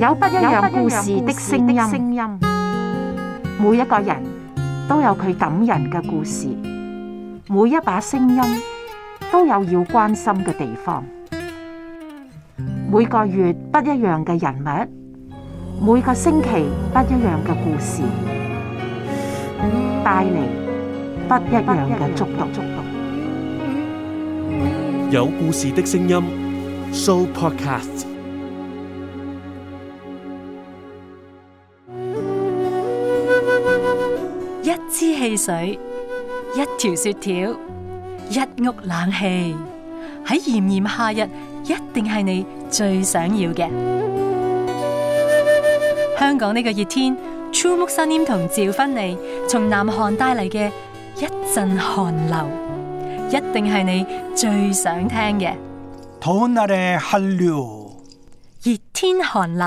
有不一樣故事的聲音，每一個人都有佢感人嘅故事，每一把聲音都有要關心嘅地方。每個月不一樣嘅人物，每個星期不一樣嘅故事，帶嚟不一樣嘅觸動，觸動。有故事的聲音，Show Podcast。汽水，一條雪條，一屋冷氣，喺炎炎夏日，一定係你最想要嘅。香港呢個熱天，True Muslim 同趙芬妮從南韓帶嚟嘅一陣寒流，一定係你最想聽嘅。熱天寒流。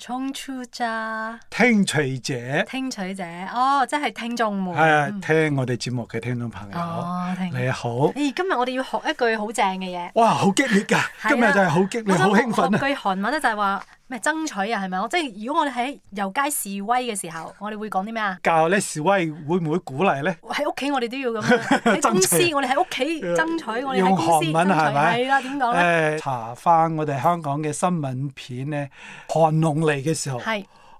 聽取者，聽取者，哦，即係聽眾們。係啊，聽我哋節目嘅聽眾朋友，哦、聽你好。誒、哎，今日我哋要學一句好正嘅嘢。哇，好激烈噶、啊！ 啊、今日就係好激烈，好就興奮啊！我諗學句韓文咧，就係、是、話。咩爭取啊？係咪？我即係如果我哋喺遊街示威嘅時候，我哋會講啲咩啊？教咧示威會唔會鼓勵咧？喺屋企我哋都要咁。喺 取、啊、公司我哋喺屋企爭取， 文我哋喺公司爭取係咪？係啦，點講咧？查翻我哋香港嘅新聞片咧，韓龍嚟嘅時候，係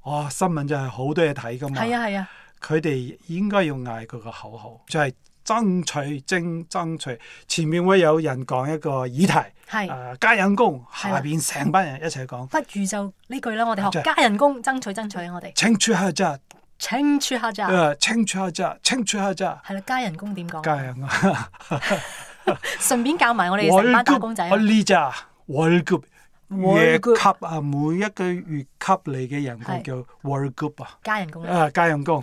哇是、哦、新聞就係好多嘢睇噶嘛。係啊係啊，佢哋、啊、應該要嗌佢個，個口號，就係、是。爭取爭爭取，前面會有人講一個議題，係加人工，下邊成班人一齊講。不如就呢句啦，我哋學加人工，爭取爭取我哋。清出下咋？清出下咋？清出下咋？清出下咋？係啦，加人工點講？加人工。順便教埋我哋成班打工仔啊！呢咋？월급月給啊，每一個月給你嘅人工叫월급啊。加人工啊！加人工。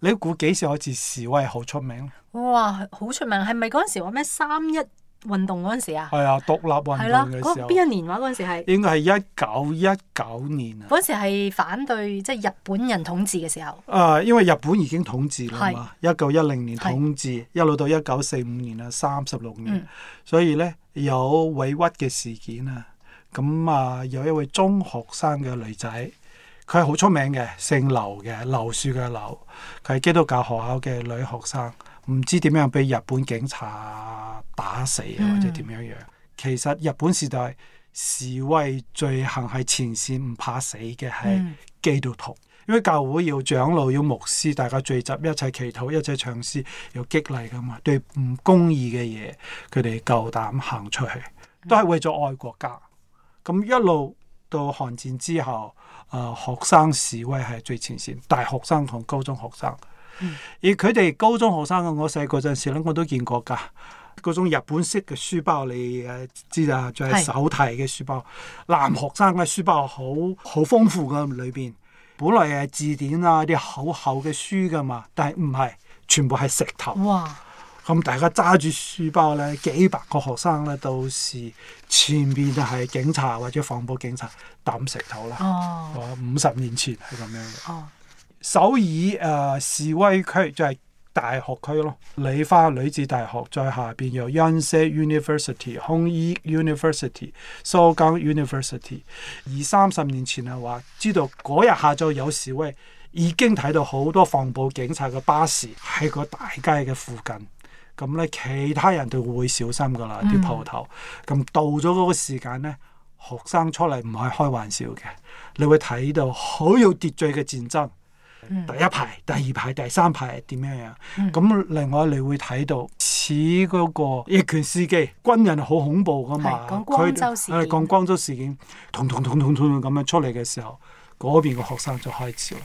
你估幾時開始示威好出名？哇，好出名！係咪嗰陣時話咩三一運動嗰陣時啊？係啊，獨立運動嘅時候。邊、啊那個、一年話嗰陣時係？應該係一九一九年啊。嗰陣時係、啊、反對即係、就是、日本人統治嘅時候。啊，因為日本已經統治啦嘛。一九一零年統治一路是到一九四五年啊，三十六年，嗯、所以咧有委屈嘅事件啊。咁啊，有一位中學生嘅女仔。佢係好出名嘅，姓劉嘅，劉樹嘅劉。佢係基督教學校嘅女學生，唔知點樣畀日本警察打死啊，或者點樣樣。嗯、其實日本時代示威罪行係前線唔怕死嘅，係基督徒。嗯、因為教會要長老要牧師，大家聚集一齊祈禱一齊唱詩，要激勵噶嘛。對唔公義嘅嘢，佢哋夠膽行出去，都係為咗愛國家。咁一路到韓戰之後。啊！學生示威係最前線，大學生同高中學生。嗯、而佢哋高中學生嘅，我細個陣時咧，我都見過㗎。嗰種日本式嘅書包你誒知啊，就係手提嘅書包。就是、書包是男學生嘅書包好好豐富㗎裏邊，本來係字典啊啲厚厚嘅書㗎嘛，但係唔係，全部係石頭。咁大家揸住書包呢，幾百個學生呢，到時前面就係警察或者防暴警察抌石頭啦。哦，五十年前係咁樣。嘅、oh. 首爾誒、呃、示威區就係大學區咯，梨花女子大學再下邊有延世 University、弘益 University、西江 University。二三十年前嘅話，知道嗰日下晝有示威，已經睇到好多防暴警察嘅巴士喺個大街嘅附近。咁咧，嗯、其他人就會小心噶啦，啲鋪頭。咁、嗯、到咗嗰個時間咧，學生出嚟唔係開玩笑嘅，你會睇到好有秩序嘅戰爭。嗯、第一排、第二排、第三排點咩樣？咁、嗯嗯、另外你會睇到似嗰個日拳司機，軍人好恐怖噶嘛？佢哋講、呃、光州事件，痛痛痛痛痛咁樣出嚟嘅時候，嗰邊個學生就開始笑。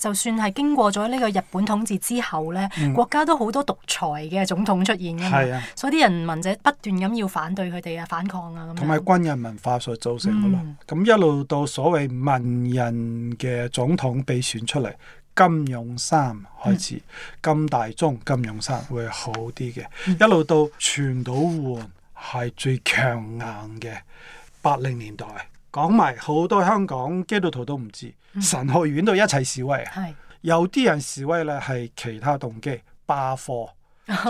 就算係經過咗呢個日本統治之後呢、嗯、國家都好多獨裁嘅總統出現嘅嘛，啊、所以啲人民就不斷咁要反對佢哋啊，反抗啊咁。同埋軍人文化所造成嘅嘛，咁、嗯、一路到所謂文人嘅總統被選出嚟，金泳三開始，嗯、金大中、金泳三會好啲嘅，嗯、一路到全斗煥係最強硬嘅八零年代。講埋好多香港基督徒都唔知，嗯、神學院都一齊示威啊！是有啲人示威咧係其他動機，罷課。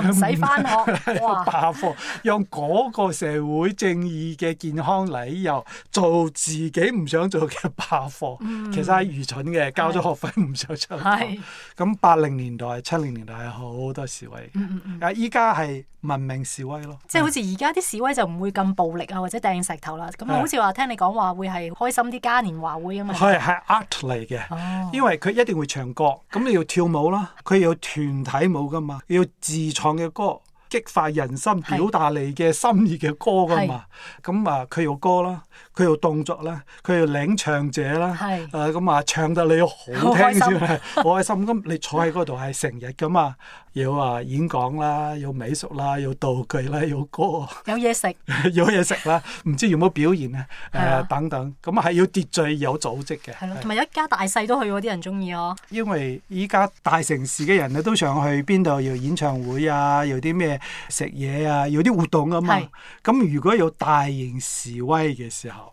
唔使返學罷課， 用嗰個社會正義嘅健康理由做自己唔想做嘅罷課，嗯、其實係愚蠢嘅。是交咗學費唔想出嚟咁。八零年代、七零年代係好多示威，但係依家係文明示威咯。即係好似而家啲示威就唔會咁暴力啊，或者掟石頭啦。咁是好似話聽你講話會係開心啲嘉年華會啊嘛。係係 art 嚟嘅，哦、因為佢一定會唱歌，咁你要跳舞啦，佢要團體舞㗎嘛，要自唱嘅歌，激發人心，表達你嘅心意嘅歌噶嘛，咁啊佢有歌啦。佢要動作啦，佢要領唱者啦，誒咁話唱得你要好聽先啦，開心咁 你坐喺嗰度係成日噶嘛，要啊演講啦，要美術啦，要道具啦，要歌，有嘢食，有嘢食啦，唔知有冇表現啊，誒、呃啊、等等，咁係要秩序有組織嘅，係咯、啊，同埋、啊啊、一家大細都去喎，啲人中意哦。因為依家大城市嘅人咧都想去邊度，要演唱會啊，要啲咩食嘢啊，要啲、啊、活動啊嘛。咁是是如果有大型示威嘅時候。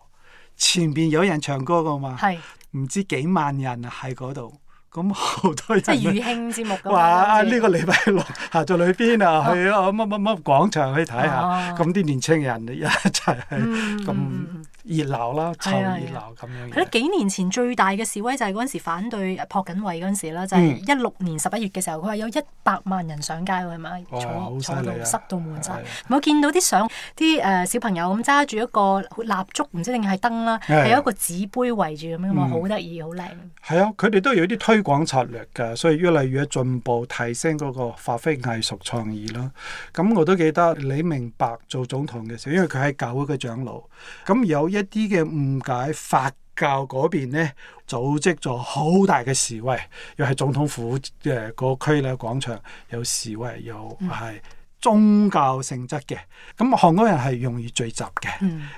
前邊有人唱歌噶嘛，唔是知幾萬人喺嗰度，咁好多人。即係熱慶節目。哇啊，呢、這個禮拜六喺在裏邊啊，去乜乜乜廣場去睇下，咁啲、啊、年輕人一齊咁。嗯嗯嗯熱鬧啦，湊熱鬧咁樣。佢、啊啊、幾年前最大嘅示威就係嗰陣時反對朴槿惠嗰陣時啦，就係一六年十一月嘅時候，佢話有一百萬人上街，係咪哇坐坐到、啊、塞到滿晒。我、啊、見到啲相，啲誒小朋友咁揸住一個蠟燭，唔知定係燈啦，係、啊、有一個紙杯圍住咁樣，好得意，好靚。係啊，佢哋都有啲推廣策略㗎，所以越嚟越進步，提升嗰個發揮藝術創意啦。咁我都記得李明博做總統嘅時候，因為佢係教會嘅長老，咁有一啲嘅誤解邊呢，佛教嗰邊咧組織咗好大嘅示威，又係總統府嘅、呃那個區咧廣場有示威，又係、嗯、宗教性質嘅。咁韓國人係容易聚集嘅，誒、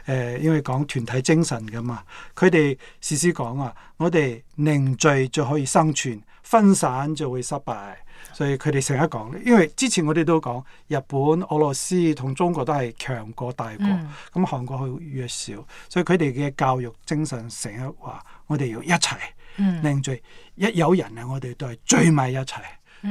嗯、因為講團體精神嘅嘛。佢哋時時講啊，我哋凝聚就可以生存，分散就會失敗。所以佢哋成日講，因為之前我哋都講日本、俄羅斯同中國都係強國大國，咁、嗯、韓國佢弱小。所以佢哋嘅教育精神成日話：我哋要一齊凝聚，一有人啊，我哋都係聚埋一齊。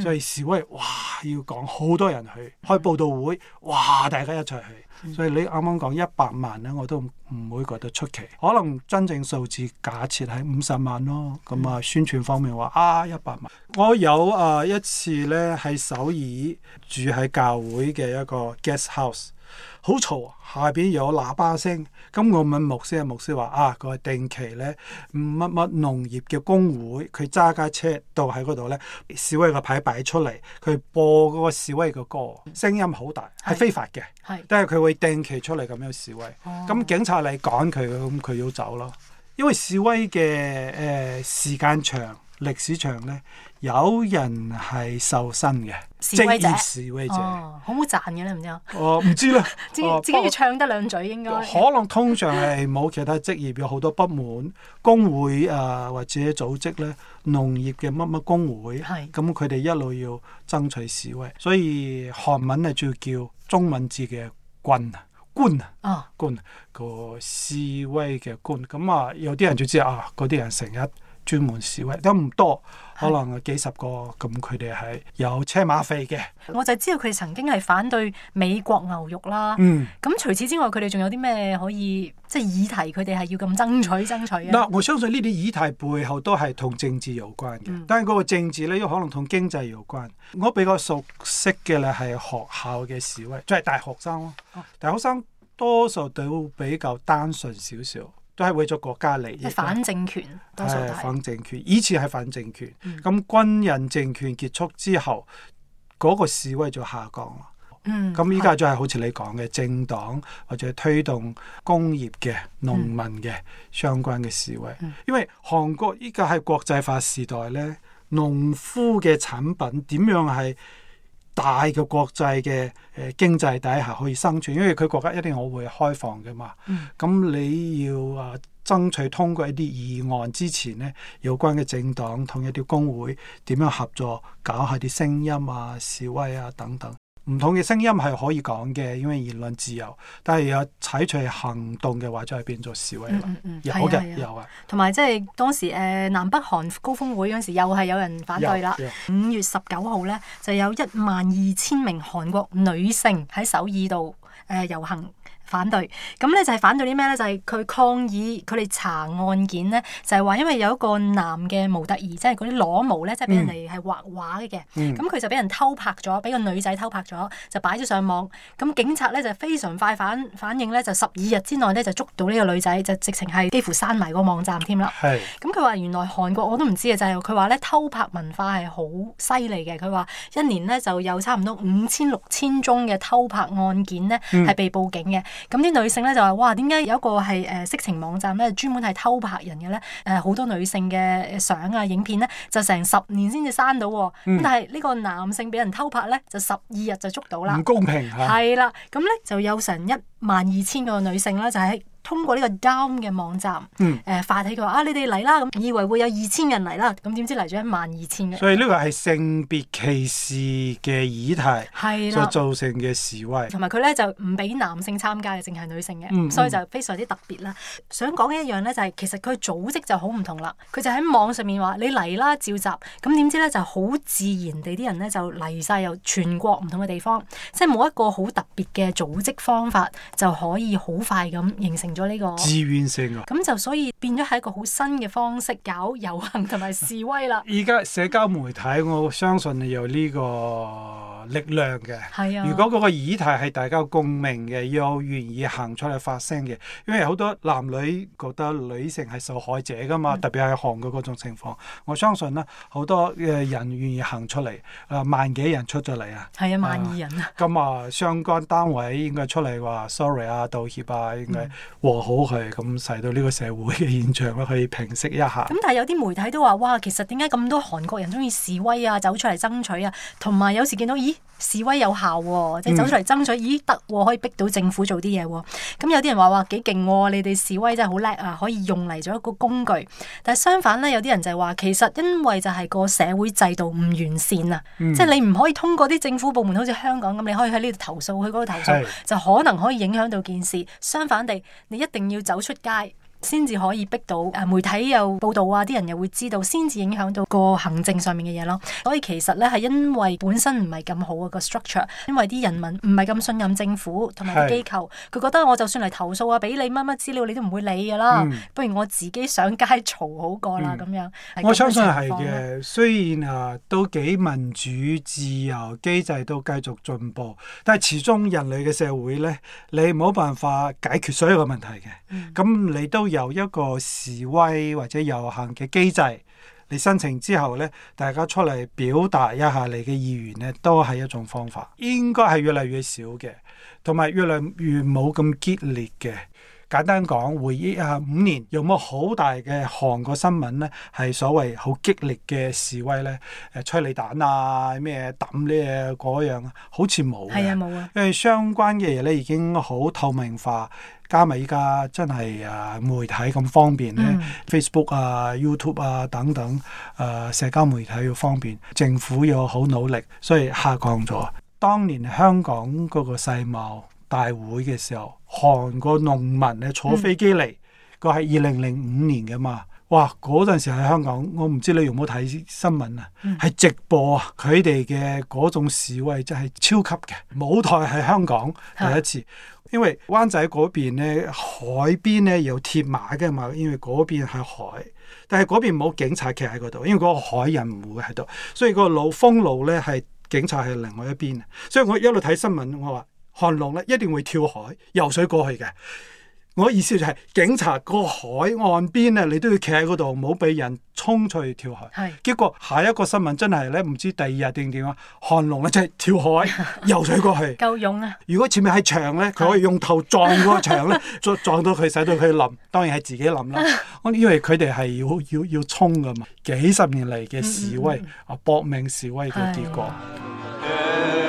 所以示威，哇！要講好多人去開報道會，哇！大家一齊去。所以你啱啱講一百萬咧，我都唔會覺得出奇。可能真正數字假設喺五十萬咯。咁啊，宣傳方面話啊一百萬。我有啊、呃、一次咧，喺首爾住喺教會嘅一個 guest house。好嘈，下邊有喇叭聲。咁我問牧師，牧師話：啊，佢係定期咧乜乜農業嘅工會，佢揸架車到喺嗰度咧，示威個牌擺出嚟，佢播嗰個示威嘅歌，聲音好大，係非法嘅。係，但係佢會定期出嚟咁樣示威。咁是警察嚟趕佢，咁佢要走咯。因為示威嘅、誒、呃、時間長。歷史上咧，有人係受薪嘅職業示威者，示威者，好唔賺嘅咧，唔知啊？哦，唔知咧。自己要唱得兩嘴應該。可能通常係冇其他職業，有好多不滿，工會啊或者組織咧，農業嘅乜乜工會，係咁佢哋一路要爭取示威，所以韓文啊最叫中文字嘅軍啊官啊啊官個示威嘅官，咁啊有啲人就知啊，嗰啲人成日。專門示威都唔多，可能有幾十個咁，佢哋係有車馬費嘅。我就知道佢哋曾經係反對美國牛肉啦。咁、嗯、除此之外，佢哋仲有啲咩可以即係、就是、議題？佢哋係要咁爭取、爭取啊！嗱、嗯，我相信呢啲議題背後都係同政治有關嘅。嗯、但係嗰個政治咧，又可能同經濟有關。我比較熟悉嘅咧係學校嘅示威，即、就、係、是、大學生咯。大學生多數都比較單純少少。都係為咗國家利益。反政權，多數係反政權。以前係反政權，咁、嗯、軍人政權結束之後，嗰、嗰個示威就下降啦。嗯，咁依家就係好似你講嘅是政黨或者推動工業嘅農民嘅、嗯、相關嘅示威。嗯、因為韓國依家係國際化時代咧，農夫嘅產品點樣係？大嘅國際嘅誒，經濟底下可以生存，因為佢國家一定我會開放㗎嘛。咁、嗯、你要啊爭取通過一啲議案之前呢，有關嘅政黨同一啲工會點樣合作，搞下啲聲音啊、示威啊等等。唔同嘅聲音係可以講嘅，因為言論自由。但係如果採取行動嘅話，就係變做示威啦。有嘅，有啊。同埋即係當時誒南北韓高峰會嗰陣時，又係有人反對啦。五、yeah. 月十九號咧，就有一萬二千名韓國女性喺首爾度誒遊行。反對，咁咧就係反對啲咩咧？就係、是、佢抗議佢哋查案件咧，就係、是、話因為有一個男嘅模特兒，即係嗰啲裸模咧，即係俾人哋係畫畫嘅，咁佢、嗯、就俾人偷拍咗，俾個女仔偷拍咗，就擺咗上網。咁警察咧就非常快反反應咧，就十二日之內咧就捉到呢個女仔，就直情係幾乎刪埋個網站添啦。係是。咁佢話原來韓國我都唔知嘅，就係佢話咧偷拍文化係好犀利嘅。佢話一年咧就有差唔多五千六千宗嘅偷拍案件咧係、嗯、被報警嘅。咁啲女性咧就話：哇，點解有一個係誒、呃、色情網站咧，專門係偷拍人嘅咧？誒、呃、好多女性嘅相啊、影片咧，就成十年先至刪到，喎。咁、嗯、但係呢個男性俾人偷拍咧，就十二日就捉到啦。唔公平吓、啊。係啦，咁咧就有成一萬二千個女性啦，就喺……通過呢個 down 嘅網站，誒、嗯、發起佢話啊，你哋嚟啦咁，以為會有二千人嚟啦，咁點知嚟咗一萬二千人，所以呢個係性別歧視嘅議題，所造成嘅示威，同埋佢咧就唔俾男性參加嘅，淨係女性嘅，嗯嗯、所以就非常之特別啦。想講嘅一樣咧，就係、是、其實佢組織就好唔同啦，佢就喺網上面話你嚟啦召集，咁點知咧就好自然地啲人咧就嚟晒由全國唔同嘅地方，即係冇一個好特別嘅組織方法就可以好快咁形成。咗呢個自願性啊，咁就所以變咗係一個好新嘅方式搞遊行同埋示威啦。而 家社交媒體，我相信又呢、呢個。力量嘅，啊、如果嗰個議題係大家共鳴嘅，又願意行出嚟發聲嘅，因為好多男女覺得女性係受害者噶嘛，嗯、特別係韓國嗰種情況，我相信啦，好多嘅人願意行出嚟，啊萬幾人出咗嚟啊，係啊萬二人啊咁啊，啊，相關單位應該出嚟話 sorry 啊，道歉啊，應該和好佢咁，使、嗯、到呢個社會嘅現象咧可以平息一下。咁、嗯、但係有啲媒體都話哇，其實點解咁多韓國人中意示威啊，走出嚟爭取啊，同埋有，有時見到示威有效喎、哦，即係走出嚟爭取，嗯、咦得可以逼到政府做啲嘢喎。咁有啲人話話幾勁、哦，你哋示威真係好叻啊，可以用嚟做一個工具。但係相反咧，有啲人就係話，其實因為就係個社會制度唔完善啊，嗯、即係你唔可以通過啲政府部門，好似香港咁，你可以喺呢度投訴，去嗰度投訴，是就可能可以影響到件事。相反地，你一定要走出街。先至可以逼到誒媒體又報道啊！啲人又會知道，先至影響到個行政上面嘅嘢咯。所以其實咧係因為本身唔係咁好、啊個 structure，因為啲人民唔係咁信任政府同埋機構，佢是覺得我就算嚟投訴啊，俾你乜乜資料你都唔會理噶啦。嗯、不如我自己上街嘈好過啦咁、嗯、樣,樣我相信係嘅，雖然啊都幾民主自由機制都繼續進步，但係始終人類嘅社會咧，你冇辦法解決所有嘅問題嘅。咁、嗯、你都。由一個示威或者遊行嘅機制，你申請之後咧，大家出嚟表達一下你嘅意願咧，都係一種方法，應該係越嚟越少嘅，同埋越嚟越冇咁激烈嘅。簡單講，回憶啊，五年有冇好大嘅韓國新聞呢？係所謂好激烈嘅示威呢，誒催淚彈啊咩抌啲嘢嗰樣，好似冇嘅。係啊，冇啊。因為相關嘅嘢咧已經好透明化，加埋依家真係啊媒體咁方便呢、嗯、Facebook 啊、YouTube 啊等等誒、啊、社交媒體要方便，政府要好努力，所以下降咗。當年香港嗰個世貿。大會嘅時候，韓國農民咧坐飛機嚟，個係二零零五年㗎嘛。哇！嗰陣時喺香港，我唔知你有冇睇新聞啊？係、嗯、直播啊！佢哋嘅嗰種示威真係超級嘅，舞台喺香港第一次，啊、因為灣仔嗰邊咧海邊呢有鐵馬嘅嘛，因為嗰邊係海，但係嗰邊冇警察企喺嗰度，因為嗰個海人唔會喺度，所以個路封路呢，係警察係另外一邊。所以我一路睇新聞，我話。韓農咧，一定會跳海游水過去嘅。我意思就係、是、警察個海岸邊啊，你都要企喺嗰度，唔好俾人衝出去跳海。係是。結果下一個新聞真係咧，唔知第二日定點啊，韓農咧就係跳海 游水過去。夠勇啊！如果前面係牆咧，佢可以用頭撞嗰個牆咧，再 撞到佢，使到佢冧，當然係自己冧啦。因 以為佢哋係要要要衝㗎嘛。幾十年嚟嘅示威啊，搏、嗯嗯嗯、命示威嘅結果。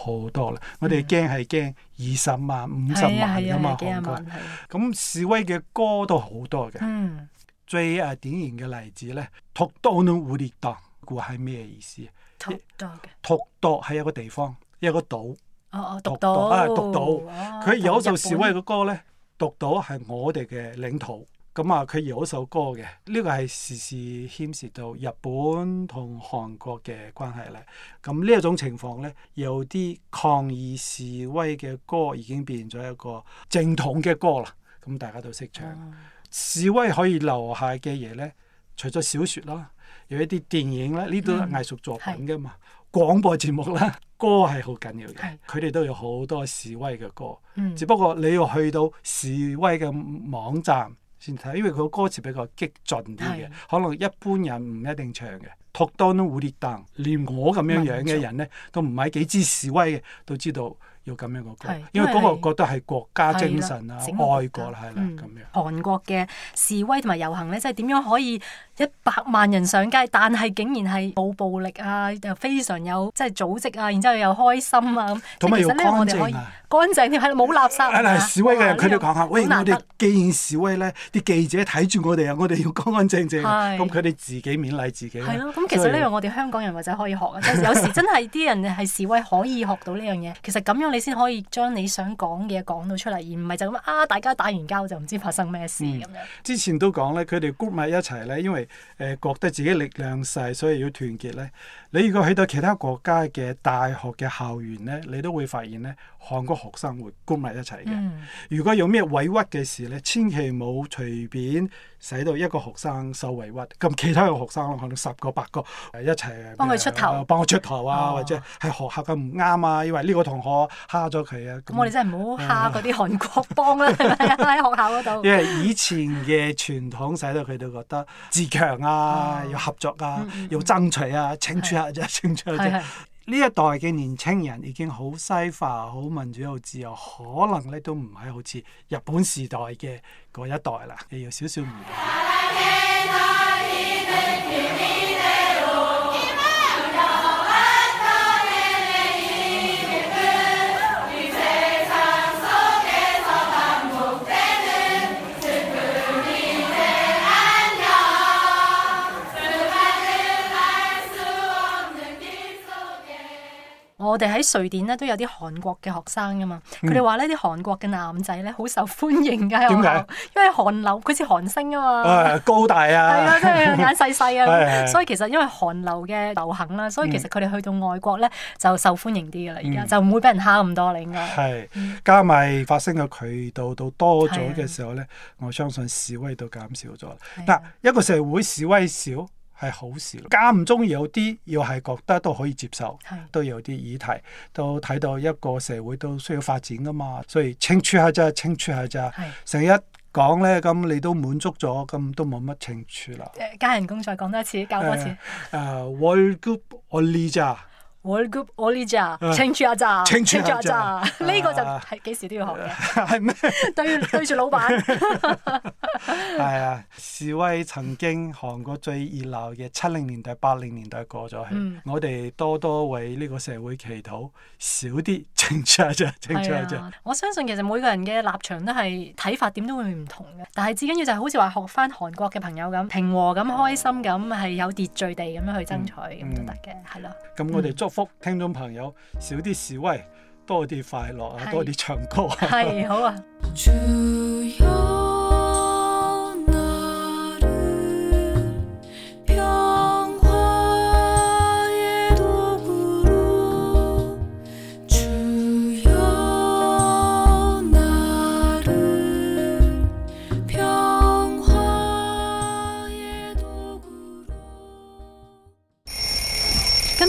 好多啦！我哋驚係驚二十萬、五十萬啊嘛，韓國。咁示威嘅歌都好多嘅。嗯，最啊典型嘅例子咧，獨島儂胡列當，估係咩意思？獨島嘅，係一個地方，一個島。哦哦，獨島兜啊，獨島。佢、哦啊、有首示威嘅歌咧，獨島係我哋嘅領土。咁啊，佢、嗯、有一首歌嘅，呢、這個係時時牽涉到日本同韓國嘅關係咧。咁呢一種情況咧，有啲抗議示威嘅歌已經變咗一個正統嘅歌啦。咁、嗯嗯、大家都識唱、啊、示威可以留下嘅嘢咧，除咗小説啦，有一啲電影咧，呢都藝術作品噶嘛。嗯、廣播節目啦，歌係好緊要嘅，佢哋是都有好多示威嘅歌。嗯、只不過你要去到示威嘅網站。先睇，因為佢個歌詞比較激進啲嘅，的可能一般人唔一定唱嘅。托多蝴蝶彈，連我咁樣樣嘅人咧，都唔係幾支示威嘅，都知道要咁樣個國，因為嗰個覺得係國家精神啊，愛國啦，係啦咁樣。韓國嘅示威同埋遊行咧，即係點樣可以一百萬人上街，但係竟然係冇暴力啊，又非常有即係組織啊，然之後又開心啊咁。同埋又乾淨，乾淨喺度冇垃圾。嚟嚟示威嘅人，佢哋講下，喂，我哋既然示威咧，啲記者睇住我哋啊，我哋要乾乾淨淨，咁佢哋自己勉勵自己。咁其實呢樣我哋香港人或者可以學啊， 有時真係啲人係示威可以學到呢樣嘢。其實咁樣你先可以將你想講嘅嘢講到出嚟，而唔係就咁啊！大家打完交就唔知發生咩事咁樣、嗯。之前都講咧，佢哋 group 埋一齊咧，因為誒覺得自己力量細，所以要團結咧。你如果去到其他國家嘅大學嘅校園咧，你都會發現咧，韓國學生會 group 埋一齊嘅。嗯、如果有咩委屈嘅事咧，千祈冇隨便。使到一個學生受委屈，咁其他嘅學生可能十個八個一齊幫佢出頭，幫佢出頭啊，哦、或者係學校咁唔啱啊，以為呢個同學蝦咗佢啊。咁、嗯、我哋真係唔好蝦嗰啲韓國幫啦，係咪啊？喺 學校嗰度。因為以前嘅傳統使到佢哋覺得自強啊，嗯、要合作啊，嗯嗯要爭取啊，爭取啊，爭取是啊。是呢一代嘅年青人已經好西化，好民主又自由，可能咧都唔係好似日本時代嘅嗰一代啦。亦有少少唔同。我哋喺瑞典咧都有啲韓國嘅學生噶嘛，佢哋話呢啲韓國嘅男仔咧好受歡迎噶，點解？因為韓流佢似韓星啊嘛，高大啊，係啊真係眼細細啊，所以其實因為韓流嘅流行啦，所以其實佢哋去到外國咧就受歡迎啲噶啦，而家就唔會俾人蝦咁多啦，應該係加埋發聲嘅渠道都多咗嘅時候咧，我相信示威都減少咗。嗱，一個社會示威少，係好事咯，間唔中有啲，要係覺得都可以接受，是都有啲議題，都睇到一個社會都需要發展噶嘛，所以清楚下啫，清楚下啫，成日一講咧，咁是你都滿足咗，咁都冇乜清楚啦。誒，加人工再講多次，教多次。誒、啊，월급올리자。我 group 我呢家清場咋，清場咋，呢個就係幾時都要學嘅。對對住老闆。係啊，示威曾經韓國最熱鬧嘅七零年代、八零年代過咗去，我哋多多為呢個社會祈禱，少啲清場咋，清場咋。我相信其實每個人嘅立場都係睇法點都會唔同嘅，但係至緊要就係好似話學返韓國嘅朋友咁平和，咁開心，咁係有秩序地咁樣去爭取咁都得嘅，係喇。咁我哋祝。聽眾朋友少啲示威，多啲快樂啊！多啲唱歌。係是 好啊。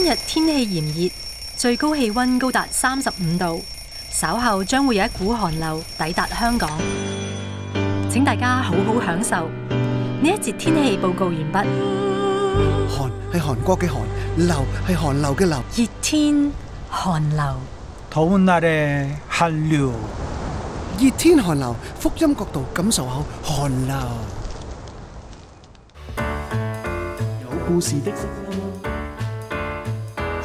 今日天氣炎熱，最高氣溫高達三十五度。稍後將會有一股寒流抵達香港，請大家好好享受。呢一節天氣報告完畢。寒係韓國嘅寒，流係寒流嘅流，熱天寒流。熱天寒流，熱天寒流，福音角度感受下寒流。有故事的。